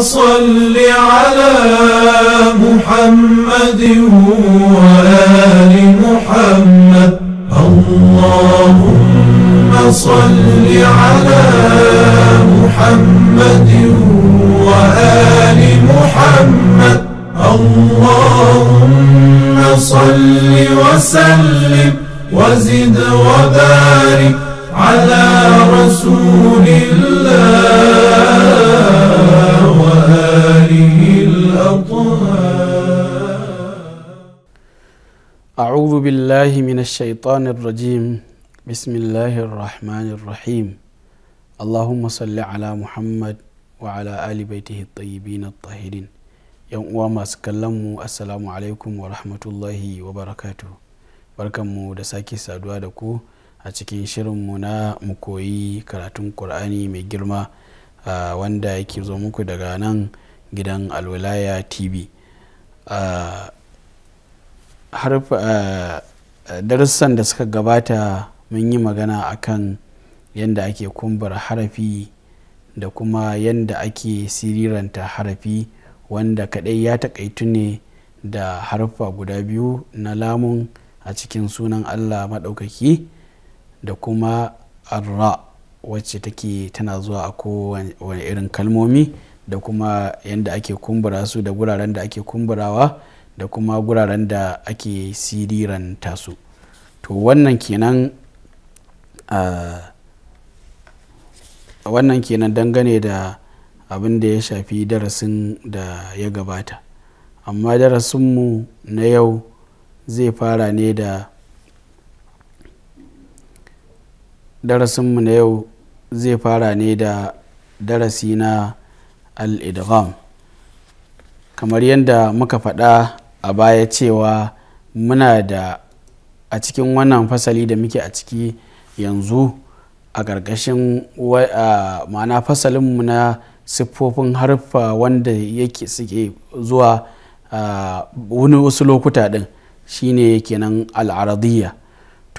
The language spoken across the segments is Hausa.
صل على محمد وآل محمد اللهم صل على محمد وآل محمد اللهم صل وسلم وزد وبارك على رسول الله شهره الأطهار أعوذ بالله من الشيطان الرجيم بسم الله الرحمن الرحيم اللهم صل على محمد وعلى آل بيته الطيبين الطاهرين yan uwa masu kallon mu assalamu alaikum wa rahmatullahi wa barakatu barkanmu da sake saduwa da ku a cikin shirinmu na mu koyi karatun qur'ani mai girma wanda yake zo muku daga nan gidan alwilaya tv darussan da suka gabata mun yi magana akan yadda ake kumbar harafi da kuma yadda ake siriranta harafi wanda kadai ya takaitu ne da harfa guda biyu na lamun a cikin sunan allah maɗaukaki da kuma arra wacce take tana zuwa a kowane irin kalmomi da kuma yadda ake kumbura su da guraren da ake kumburawa da kuma guraren da ake siriran tasu to wannan kenan wannan kenan dangane da abin da ya shafi darasin da ya gabata amma darasinmu na yau zai fara ne da darasinmu na yau zai fara ne da darasi na al kamar yadda muka faɗa a baya cewa muna da a cikin wannan fasali da muke a ciki yanzu a ƙarƙashin ma'ana fasalinmu na siffofin harfa wanda yake suke zuwa wani wasu lokuta ɗin shine kenan al'aradiyya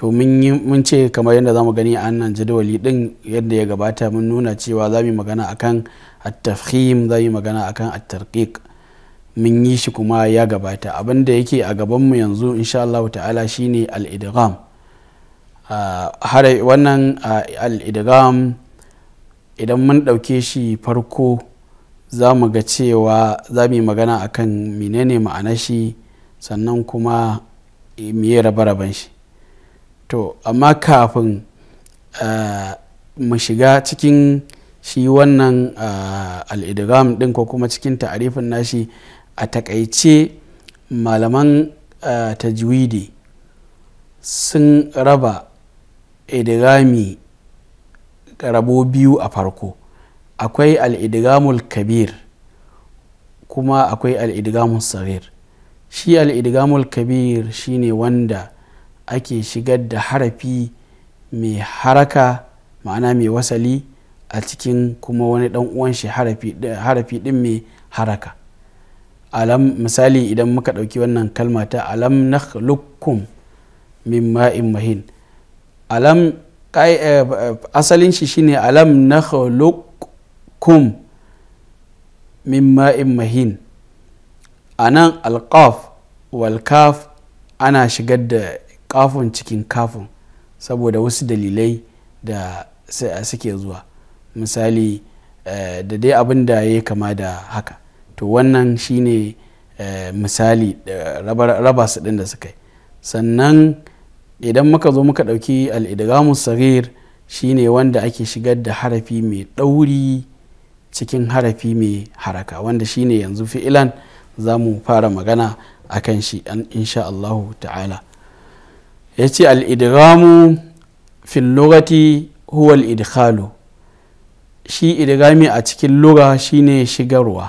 to mun ce kamar yadda za mu gani a nan jadawali din yadda ya gabata mun nuna cewa za mu magana akan at-tafhim za mu magana akan at-tarqiq mun yi shi kuma ya gabata abinda yake a gaban mu yanzu insha Allah ta'ala shine al-idgham wannan al-idgham idan mun ɗauke shi farko za mu ga cewa za mu yi magana akan menene ma'ana shi sannan kuma me rabe-raben shi to amma kafin mu shiga cikin shi wannan al'idigam ɗin ko kuma cikin ta'arifin nashi a takaice malaman tajwidi sun raba idigami rabo biyu a farko akwai al'idigamul kabir kuma akwai al'idigamul sarir shi al'idigamul kabir shine wanda ake shigar da harafi mai haraka ma'ana mai wasali a cikin kuma wani dan uwan shi harafi din mai haraka alam misali idan muka ɗauki wannan kalma ta alam lukkum min ma'in mahin alam eh, asalin shi shine alam na lukkum min ma'in mahin a nan alƙaf walkaf ana shigar da kafon cikin kafin saboda wasu dalilai da suke zuwa misali eh, da dai abin da ya kama da haka to wannan shine eh, misali raba su ɗin da suka yi sannan idan muka zo muka ɗauki al'idgamu sarir shine wanda ake shigar da harafi mai ɗauri cikin harafi mai haraka wanda shine yanzu fi'ilan za mu fara magana a kan shi insha Allahu ta'ala ya ce al'idgamu fil lugati huwa al'idkhalu shi idgami a cikin lura shine shigarwa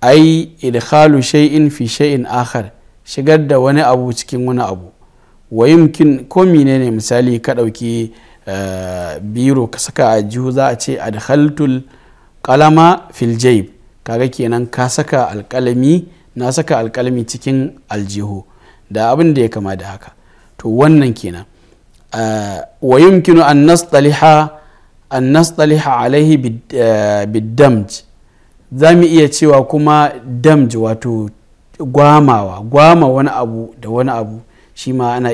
ai idkhalu shay'in fi shay'in akhar shigar da wani abu cikin wani abu wa yumkin ko ne misali ka ɗauki eh, biro ka saka a jihu za a ce adhaltul kalama fil jayb kaga kenan ka saka alkalami na saka alkalami cikin aljihu da abin da ya kama da haka to wannan kenan ah, wa yumkinu an nastaliha an nastaliha alaihi ah, biddamj za mu iya cewa kuma damj wato gwamawa gwama wani abu da wani abu shi ma ana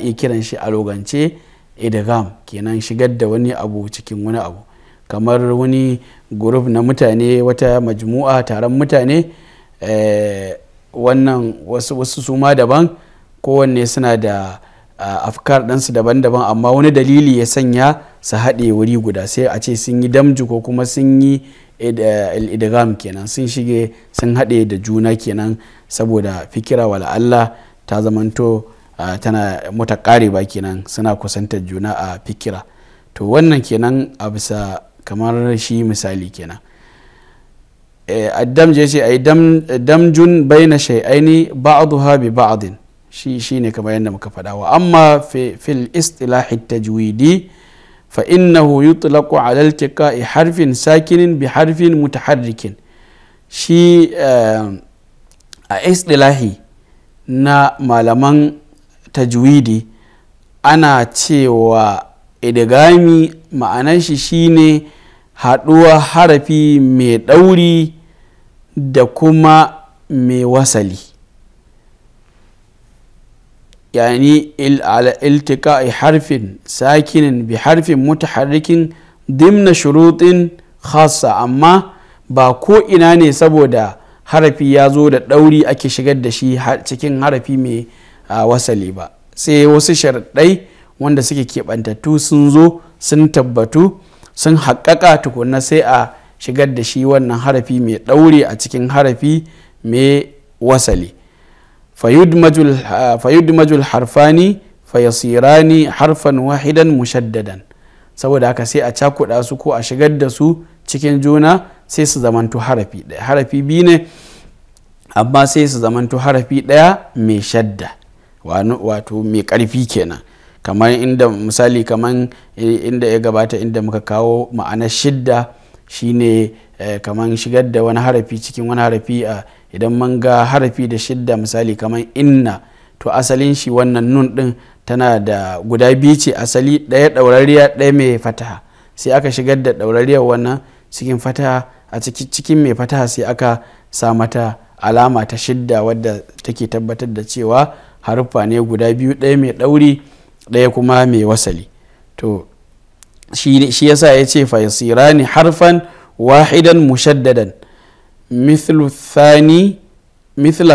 iya kiran shi a logance idgham kenan shigar da wani abu cikin wani abu kamar wani guruf na mutane wata majmu'a taron mutane eh, wannan wasu suma daban kowanne suna da afkar ɗansu daban-daban amma wani dalili ya sanya su haɗe wuri guda sai a ce sun yi damji ko kuma sun yi idgham kenan sun shige sun haɗe da juna kenan saboda fikira wala Allah ta zamanto tana mata ba kenan suna kusantar juna a fikira to wannan kenan a bisa kamar shi misali kenan eh, addam je ce yi damjun bai na baina ba'adu ha bi ba'adin. shi shi ne kamar yadda muka faɗa wa amma fil istilahi tajwidi fa innahu yutlaqu ala iltiqa'i harfin sakinin bi harfin mutaharrikin shi eh, a istilahi na malaman tajwidi ana cewa idigami ma'anar shi shine haɗuwa harafi mai ɗauri da kuma mai wasali yani iltiƙa'i harfin sakinin bi harfin mutaharrikin na shuruɗin khassa amma ba ko ina ne saboda harafi ya zo da ɗauri ake shigar da shi cikin harafi mai wasali ba sai wasu sharaɗai wanda suke keɓantattu sun zo sun tabbatu sun haƙaƙa tukuna sai a shigar da shi wannan harafi mai ɗauri a cikin harafi mai wasali fayudmajul harfani fayasirani harfan wahidan mushaddadan saboda haka sai a cakuɗa su ko a shigar da su cikin juna sai su zamanto harafi ɗaya harafi biyu ne amma sai su zamanto harafi ɗaya mai shadda wato mai karfi kenan kamar inda misali kamar inda ya gabata inda muka kawo ma'anar shidda shine kamar shigar da wani harafi cikin wani harafi a idan mun ga harafi da shidda misali kamar inna to asalin shi wannan nun din tana da guda biyu ce asali ɗaya ɗaurariya ɗaya mai fataha sai aka shigar da ɗaurariyar wannan cikin fataha a cikin mai fataha sai aka sa mata alama ta shidda wadda take tabbatar da cewa haruffa ne guda biyu ɗaya mai ɗauri ɗaya kuma mai wasali to shi yasa ya ce faisirani harfan wahidan mushaddadan mithla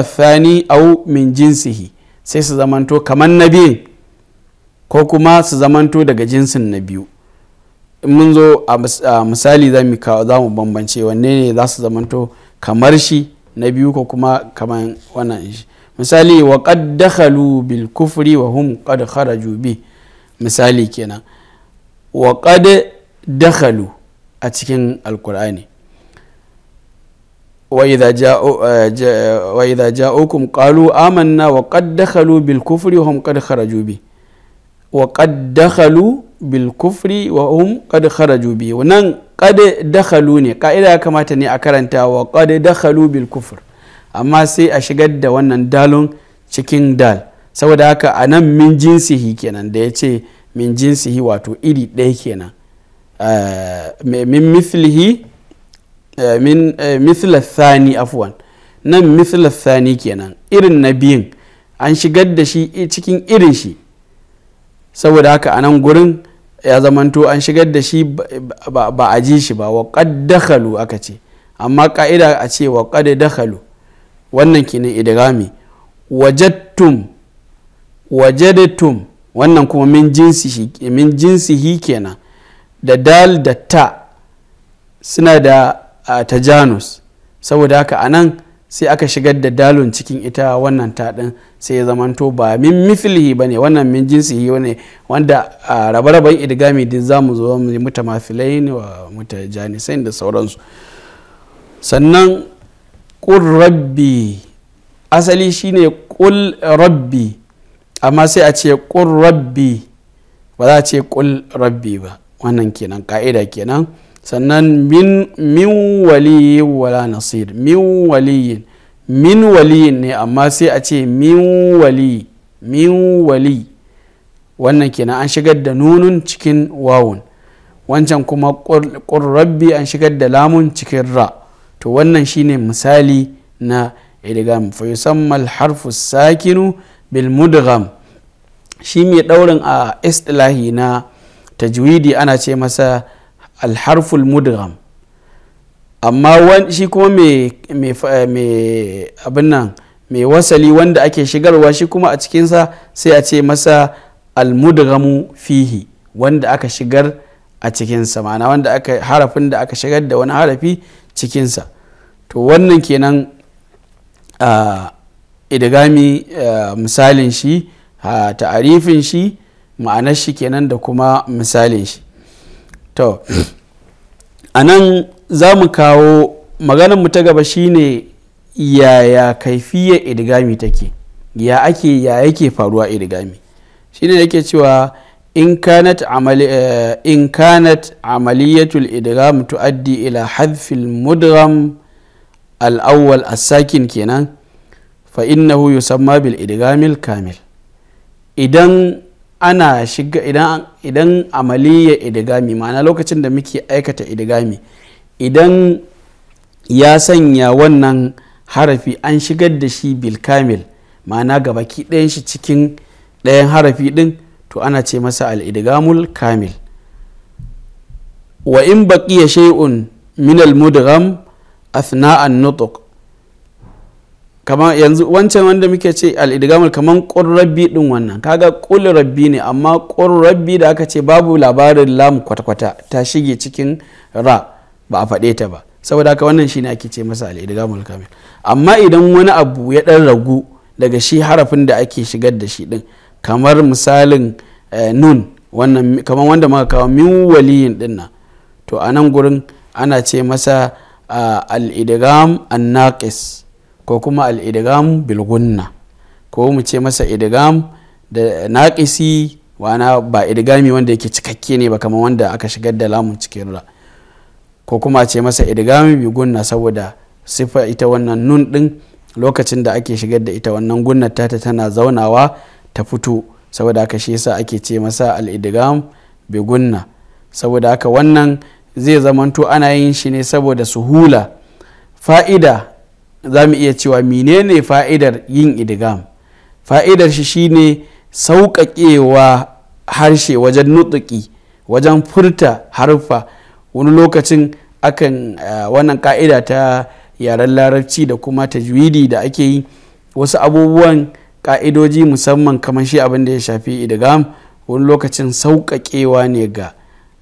thani au min jinsihi sai su zamanto kamar na biyu ko kuma su zamanto daga jinsin na biyu mun zo a misali za mu bambance wanne ne za su zamanto kamar shi na biyu ko kuma kamar wannan shi misali wa qad dakhalu bil kufri wa hum qad kharaju bi misali kenan wa qad dakhalu a cikin alkur'ani wa idha ja'ukum qalu amanna wa qad dakhalu bil kufri hum qad kharaju wa qad dakhalu bil kufri wa hum qad kharaju bi wannan qad ne ka'ida ya kamata ne a karanta wa qad dakhalu bil kufr amma sai a shigar da wannan dalon cikin dal saboda haka a nan min jinsihi kenan da ya ce min jinsihi wato iri ɗaya kenan min mithlihi Eh, min sani eh, afuwan nan sani kenan irin na biyun an shigar da shi cikin irin shi saboda haka a nan gurin ya zamanto an shigar da shi ba a ji shi ba wa dakhalu aka ce amma ka'ida a ce wa dakhalu wannan kenan idgami wajattum wajadatum wannan kuma min jinsi min kenan da dal da ta suna da ta janus saboda haka a nan sai aka shigar da dalon cikin ita wannan taɗin sai ya zamanto ba min mifilihi ba ne wannan min yi ne wanda a rabe-raben idigami din za mu zo mu mafilai ne wa janisai da sauransu sannan ƙul rabbi asali shine ƙul rabbi amma sai a ce ƙul rabbi ba za a ce ƙul rabbi ba wannan kenan ka'ida kenan sannan min min wala nasir min waliyin min waliyin ne amma sai a ce min wali min wali wannan kenan an shigar da nunun cikin wawun wancan kuma rabbi an shigar da lamun cikin ra to wannan shine misali na idgham fa al harfu sakinu bil mudgham shi mai daurin a istilahi na tajwidi ana ce masa alharful mudgham amma shi kuma mai nan mai wasali wanda ake shigarwa shi kuma a cikinsa sai a ce masa almudghamu fihi wanda aka shigar a cikinsa ma'ana wanda aka harafin da aka shigar da wani harafi cikinsa to wannan kenan a idigami misalin shi ta'arifin shi ma'anar shi kenan da kuma misalin shi to a nan za mu kawo maganar mu ta gaba shine yaya kaifiyar idigami take ya ake ya yake faruwa idigami shine yake cewa in kanat amali eh, in kanat amaliyatul idigam tuaddi ila hadfil mudgham al-awwal as-sakin kenan fa innahu yusamma bil idigamil kamil idan ana shiga idan amale ya idigami ma'ana lokacin da muke aikata idigami idan ya sanya wannan harafi an shigar da shi bilkamil ma'ana ga baki ɗayan shi cikin ɗayan harafi ɗin to ana ce masa al idigamul kamil wa in baƙiya shay'un min al-mudgham athna'an nutq kamar yanzu wancan wanda muke ce al'idigamul kamar ƙun rabbi ɗin wannan kaga ƙul rabbi ne amma ƙun rabbi da aka ce babu labarin lam kwata-kwata ta shige cikin ra ba a faɗe ta ba saboda haka wannan shine ake ce masa al'idigamul kamil amma idan wani abu ya ɗan ragu daga shi harafin da ake shigar da shi din kamar misalin eh, nun kamar wanda muka kawo min waliyin ɗin nan to a nan gurin ana ce masa ah, al'idigam annaqis ko kuma al'idigam bilgunna ko mu ce masa idigam da naƙisi wana ba idigami wanda yake cikakke ne ba kamar wanda aka shigar da lamun cikin ra ko kuma ce masa idigami bilgunna saboda sifa ita wannan nun ɗin lokacin da ake shigar da ita wannan gunnar tata tana zaunawa ta fito saboda haka shi yasa ake ce masa al'idigam bigunna saboda aka wannan zai zamanto ana yin shi ne saboda suhula fa'ida za mu iya cewa menene fa'idar yin idigam fa'idar shi shine sauƙaƙewa harshe wajen nutsuki wajen furta harfa wani lokacin akan eh, wannan ka'ida ta yaren larabci da kuma tajwidi da ake yi wasu abubuwan ka'idoji musamman kamar shi abin da ya shafi idigam wani lokacin sauƙaƙewa ne ga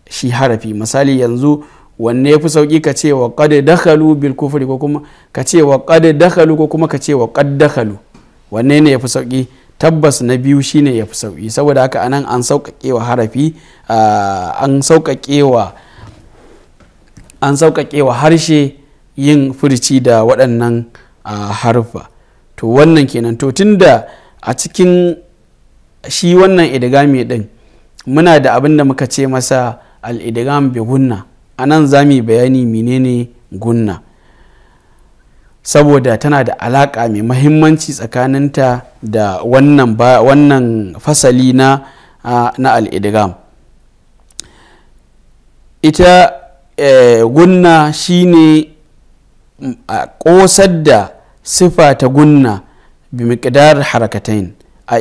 shi harafi misali yanzu wanne ya fi sauki ka ce wa qad dakalu bil kufri ko kuma ka ce wa qad dakalu ko kuma ka ce wa qad dakalu wanne ne ya fi sauki tabbas na biyu shine ya fi sauki saboda haka anan an sauƙaƙe wa harafi an sauƙaƙe wa harshe yin furci da waɗannan harfa to wannan kenan to tunda a cikin shi wannan idigami ɗin muna da abin da muka ce masa al-idigam bi gunna a nan za mu bayani menene gunna saboda tana da alaƙa mai mahimmanci tsakaninta da wannan, wannan fasali na, na al'idigam ita e, gunna shine mm, a ƙosar da sifa ta gunna bi miƙdar harakatain a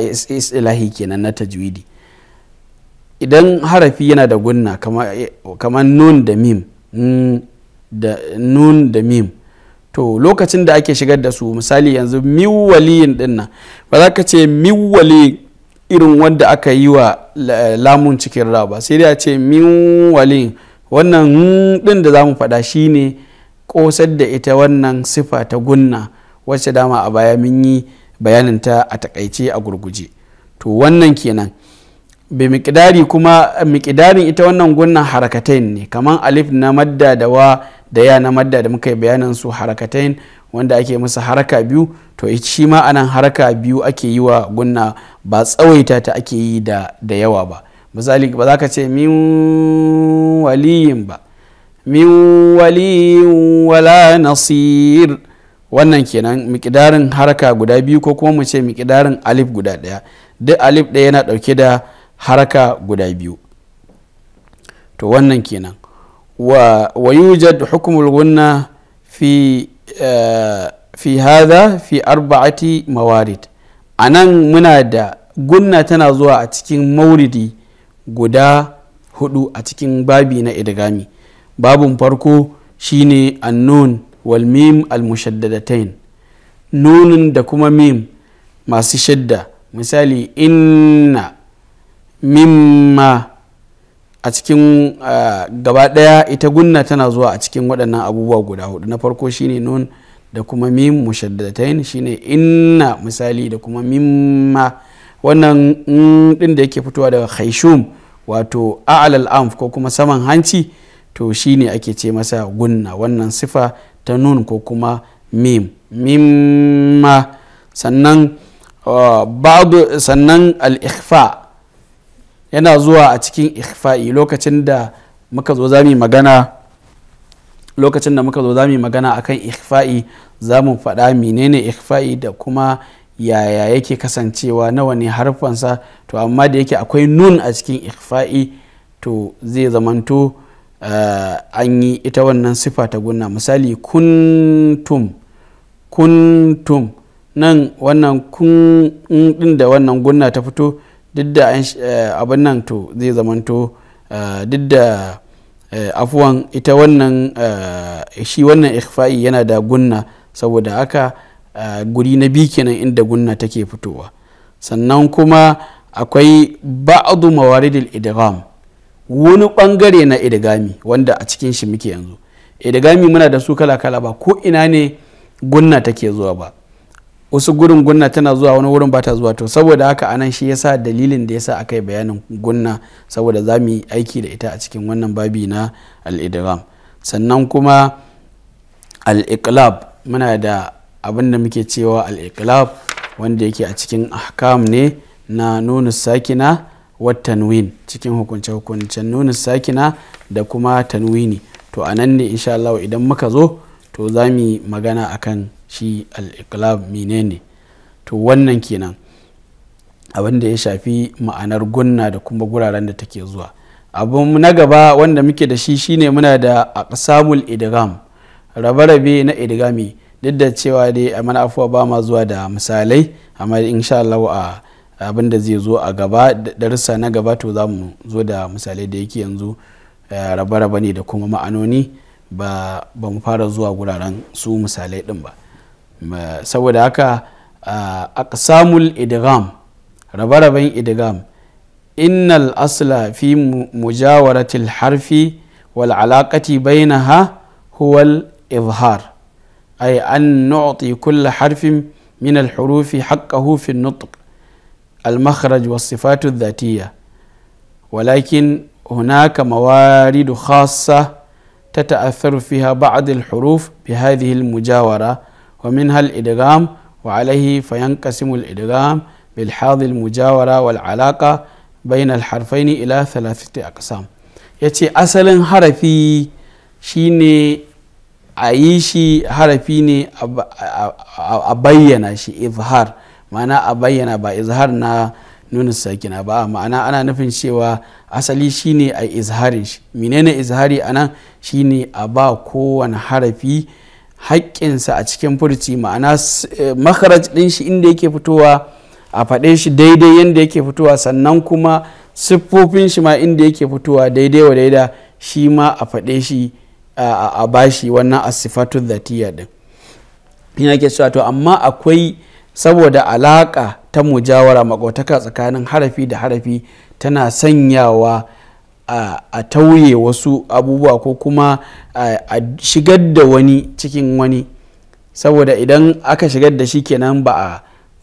ilahi kenan na tajwidi idan harafi yana da gunna kamar nun da mim da nun da mim to lokacin da ake shigar da su misali yanzu miwaliyin dinnan ba za ka ce miwali irin wanda aka yi wa lamun cikin ra ba sai dai a ce miwali wannan din da za mu faɗa shi ne ƙosar da ita wannan sifa ta gunna wacce dama a baya mun yi bayaninta a takaice a gurguje to wannan kenan bi miƙidari kuma miƙidarin ita wannan gunnan harakatain ne kamar alif na madda da wa da ya na madda da muka yi bayanin su harakatain wanda ake musu haraka biyu to shi ma anan haraka biyu ake yi wa gunna ba tsawaita ta ake yi da, da yawa ba misali ba za ka ce min waliyin ba min waliyin wala nasir wannan kenan miƙidarin haraka guda biyu ko kuma mu ce miƙidarin alif guda ɗaya duk alif ɗaya yana ɗauke da haraka guda biyu to wannan kenan wa, yujad hukumul gunna fi eh, fi hada fi arba'ati mawarid a nan muna da gunna tana zuwa a cikin mauridi guda hudu a cikin babi na idgami babin farko shine annun wal mim al mushaddadatain nunin da kuma mim masu shadda misali inna mimma a cikin gaba ɗaya ita gunna tana zuwa a cikin waɗannan abubuwa guda hudu na farko shine nun da kuma mim mushaddatain shine inna misali da kuma mimma wannan mm ɗin da yake fitowa daga khaishum wato a'lal anf ko kuma saman hanci to shine ake ce masa gunna wannan sifa ta nun ko kuma mim mimma sannan sannan al-ikhfa yana zuwa a cikin ikhfa'i lokacin da muka zo zami magana lokacin da muka zo zami magana akan ikhfa'i za mu faɗa menene ikhfa'i da kuma yaya yake kasancewa nawa ne harfansa to amma da yake akwai nun a cikin ikhfa'i to zai zamanto uh, an yi ita wannan sifa ta gunna misali kuntum kuntum nan wannan kun din da wannan gunna ta fito duk da eh, abin nan to zai zamanto eh, duk da eh, afuwan ita wannan shi wannan ikhfa'i yana da gunna saboda aka guri na biyu kenan inda gunna take fitowa sannan kuma akwai ba'adu mawaridil idgham wani bangare na idgami wanda a cikin shi muke yanzu idgami muna da su kala kala ba ko ina ne gunna take zuwa ba wasu gurin gunna tana zuwa wani wurin ba ta zuwa to saboda haka anan shi yasa dalilin da yasa aka yi bayanin gunna saboda za mu yi aiki da ita a cikin wannan babi na al'idram sannan kuma al'iklab muna da abin da muke cewa al'iklab wanda yake a cikin ahkam ne na nuna sakina wa tanwin cikin hukunce-hukuncen nuna sakina da kuma tanwini to anan ne insha Allah idan muka zo to za mu yi magana akan shi al-iqlab menene to wannan kenan abin da ya shafi ma'anar gunna da kuma guraren da take zuwa abin na gaba wanda muke da shi shine muna da aqsamul idgham rabe-rabe na idgami duk da cewa dai a mana afuwa ba ma zuwa da misalai amma insha Allah a abin da zai zo a gaba darussa na gaba to za mu zo da misalai da yake yanzu eh, rabe-rabe ne da kuma ma'anoni ba mu fara zuwa guraren su misalai din ba saboda haka aqsamul idgham rabe idgham innal asla fi mujawaratil harfi wal alaqati bainaha huwa al izhar ay an nu'ti kull harfin min al hurufi haqqahu fi an-nutq al makhraj المخرج والصفات dhatiyya walakin هناك موارد خاصة تتأثر فيها بعض الحروف بهذه المجاورة ومنها الإدغام وعليه فينقسم الإدغام بالحاض المجاورة والعلاقة بين الحرفين إلى ثلاثة أقسام يتي أصل حرفي شيني أيشي حرفيني أب أبين شي إظهار معنى أبين با إظهارنا نون sakina با معنى ana نفن شيوا asali شيني a izharin shi menene izhari anan shine a ba kowane harafi haƙƙinsa a cikin furci ma'ana eh, makaraj ɗin shi inda yake fitowa a faɗe shi daidai yadda yake fitowa sannan kuma siffofin shi ma inda yake fitowa daidai wa daida shi ma a faɗe shi a bashi wannan asifatun zatiya ɗin yana ke cewa to amma akwai saboda alaƙa ta mujawara makotaka tsakanin harafi da harafi tana sanyawa a tauye wasu abubuwa ko kuma a shigar da wani cikin wani saboda idan aka shigar da shi kenan ba a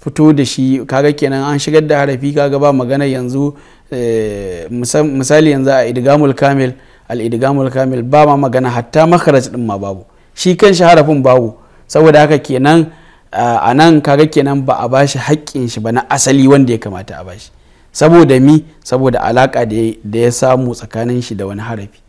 fito da shi kaga kenan an shigar da harafi kaga ba magana yanzu eh, misali yanzu a idgamul kamil al idgamul kamil ba ma magana hatta makaraj din ma babu shi kan shi harafin babu saboda haka kenan a nan kaga kenan ba a bashi haƙƙin shi ba na asali wanda ya kamata a bashi saboda mi saboda alaka da ya samu tsakanin shi da wani harafi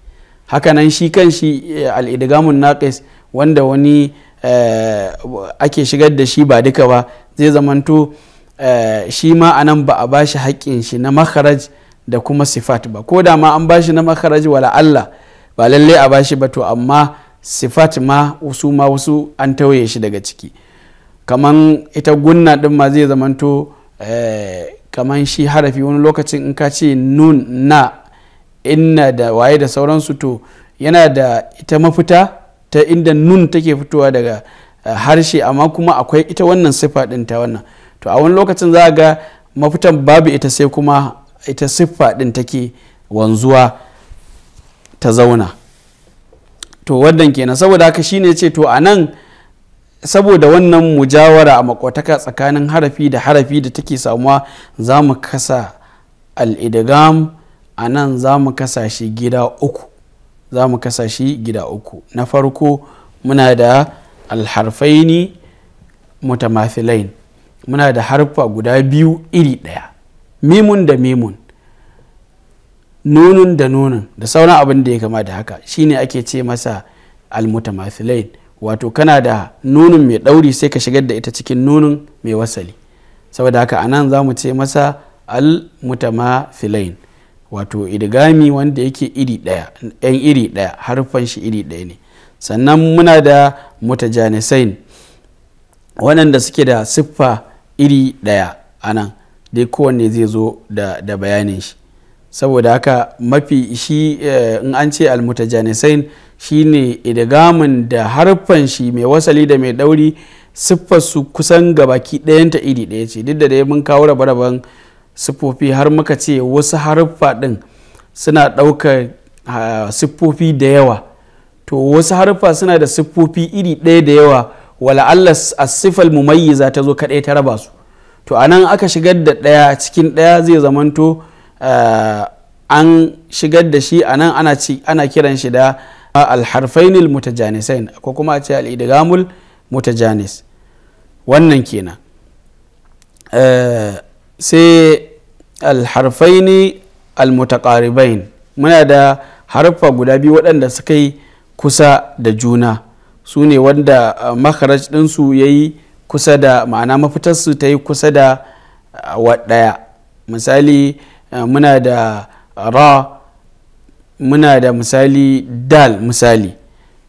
hakanan shi kan shi eh, al'idigamun naqis wanda wani eh, ake shigar da shi ba duka ba zai zamanto eh, shi ma anan ba a bashi haƙƙin shi na makaraj da kuma sifat ba ko da ma an bashi na makaraj wala Allah ba lallai a bashi ba to amma sifat ma wasu ma wasu an tauye shi daga ciki kaman ita gunna din ma zai zamanto kamar shi harafi wani lokacin in ka ce nun na inna da waye da sauransu to yana da ita mafita ta inda nun take fitowa daga eh, harshe amma kuma akwai ita wannan siffa ɗin ta wannan to a wani lokacin za ga mafitan babu ita sai kuma ita siffa ɗin take wanzuwa ta zauna to wannan kenan saboda haka shine ce to a nan saboda wannan mujawara a makwataka tsakanin harafi da harafi da take samuwa za mu kasa al'idigam a nan za mu kasa shi gida uku za mu kasa shi gida uku na farko muna da alharfaini mutamafilain muna da harfa guda biyu iri ɗaya mimun da mimun nunun da nunun da sauran abin da ya kama da haka shine ake ce masa almutamafilain wato kana da nunin mai ɗauri sai ka shigar da ita cikin nunin mai wasali saboda haka a nan za mu ce masa al filain wato idigami wanda yake iri ɗaya yan iri ɗaya harfan shi iri ɗaya ne sannan muna da mutajanisain waɗanda suke da siffa iri ɗaya a nan dai kowanne zai zo da, bayanin shi saboda haka mafi shi eh, in an ce al almutajanisain shine idgamin da harfan shi mai wasali da mai dauri siffar su kusan gabaki ɗayanta iri ɗaya ce duk da dai mun kawo rabe-raben siffofi har muka ce wasu haruffa ɗin suna ɗaukar siffofi da yawa to wasu haruffa suna da siffofi iri ɗaya da yawa wala Allah asifal mumayyiza ta zo kaɗai ta raba su to anan aka shigar da ɗaya cikin ɗaya zai zamanto an shigar da shi anan ana kiran shi da alharfainil mutajanisain ko kuma a ce al'idigamul mutajanis wannan kenan eh, sai alharfaini almutaqaribain muna da harfa guda biyu waɗanda suka yi kusa da juna su ne wanda eh, makaraj ɗinsu ya yi kusa da ma'ana mafitarsu ta yi kusa da eh, waɗaya misali muna da ra muna da misali dal misali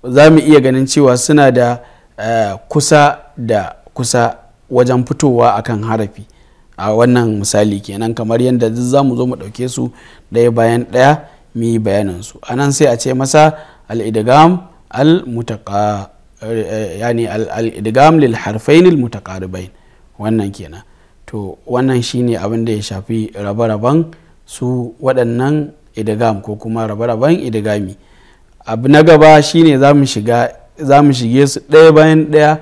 za mu iya ganin cewa suna da uh, kusa da kusa wajen fitowa akan harafi a wannan misali kenan kamar yadda za mu zo mu ɗauke su daya bayan ɗaya mu yi bayaninsu a nan sai a ce masa al'idigam al-mutaka eh, yani al'idigam lil harfain al-mutaqaribain wannan kenan to wannan shine abin da ya shafi raba-raban su waɗannan idigam ko kuma rabe-raben idigami abu na gaba shine za mu shige su ɗaya bayan ɗaya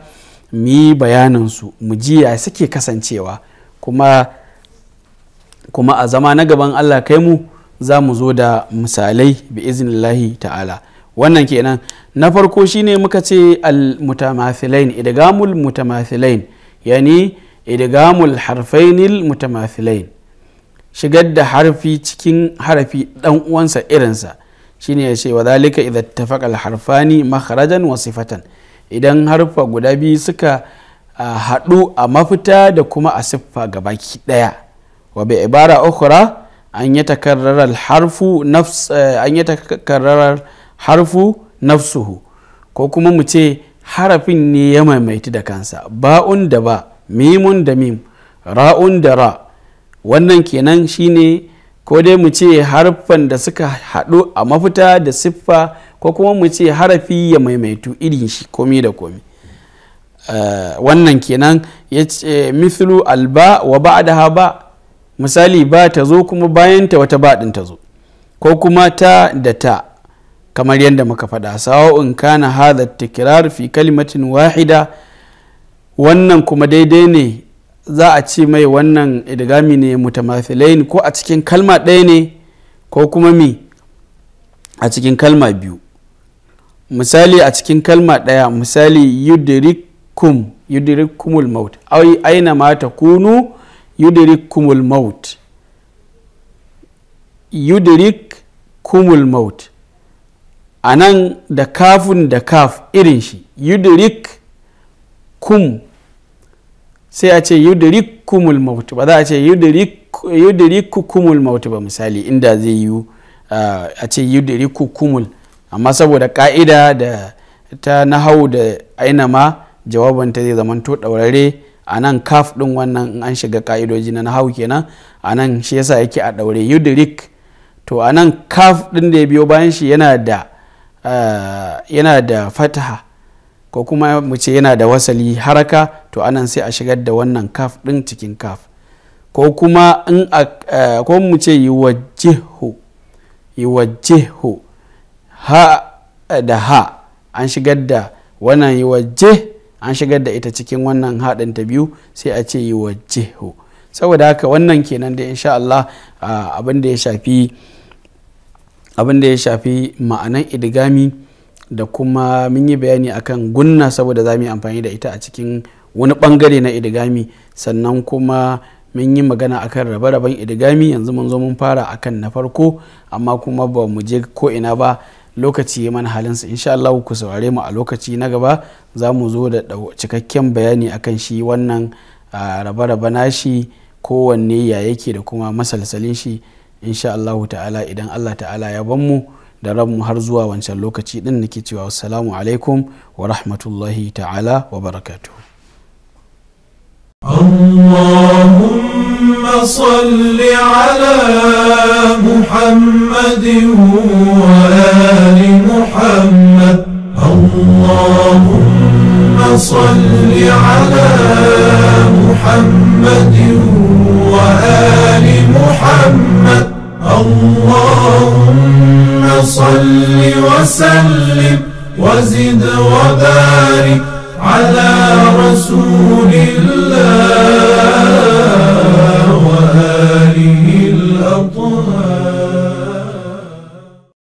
mu yi su mu ji ya suke kasancewa kuma kuma a zama na gaban allah kai mu za mu zo da misalai bi iznillahi ta'ala wannan kenan na farko shine muka ce al-mutamathilain idgamul mutamathilain yani idigamul harfainil mutamathilain shigar da harfi cikin harafi dan uwansa irinsa shine ya ce wa zalika idan tafaqa harfani makharajan wa sifatan idan harfa guda biyu suka haɗu a mafita da kuma a siffa gabaki ɗaya wa bai ibara okura an yi takarrarar harfu harfu nafsuhu ko kuma mu ce harafin ne ya maimaiti da kansa ba'un da ba mimun da mim ra'un da ra wannan kenan shine ko dai mu ce harfan da suka haɗu a mafita da siffa ko kuma mu ce harafi ya maimaitu irin shi komi da komi eh, wannan kenan ya ce mithlu alba wa ha ba misali ba ta zo kuma bayan ta wata baɗin ta zo ko kuma ta da ta kamar yadda muka faɗa sawa'un kana hadha tikrar fi kalimatin wahida wannan kuma daidai ne za a ce mai wannan idgami ne mutamafilain ko a cikin kalma ɗaya ne ko kuma mi a cikin kalma biyu misali a cikin kalma ɗaya misali yudirikum yudirikumul maut aina mata kunu kunu yudirikumul maut yudirik kumul maut a nan da kafin da kaf irin shi yudirik kum sai a ce yudrikumul maut ba za a ce yudrikukumul maut ba misali inda zai yi a ce kumul amma saboda ka'ida da ta nahau da aina ma jawabanta zai zamanto daurare a nan kaf ɗin wannan in an shiga ka'idoji na nahau kenan a nan shi yasa yake a daure yudrik to a nan kaf ɗin da ya biyo bayan shi yana da yana da fataha ko kuma mu ce yana da wasali haraka to anan sai a shigar da wannan kaf ɗin cikin kaf ko kuma in eh, ko mu ce yi yiwajjihu ha eh, da ha an shigar da wannan waje an shigar da ita cikin wannan haɗin ta biyu sai a ce yiwajjihu saboda haka wannan kenan da insha Allah ah, abin da ya shafi abin da ya shafi ma'anan idigami da kuma mun yi bayani akan gunna saboda za mu yi amfani da ita a cikin wani bangare na idigami sannan kuma mun yi magana akan rabe-raben idigami yanzu mun zo mun fara akan na farko amma kuma ba mu je ko ina ba lokaci ya mana halinsa insha Allah ku saurare mu a lokaci na gaba za mu zo da cikakken bayani akan shi wannan rabe-rabe nashi kowanne ya yake da kuma masalsalin shi insha Allah ta'ala idan Allah ta'ala ya ban mu da ranmu har zuwa wancan lokaci din nake cewa assalamu alaikum wa rahmatullahi ta'ala wa barakatuhu اللهم صل على محمد وآل محمد اللهم صل على محمد وآل محمد اللهم وصل وسلم وزد وبارك على رسول الله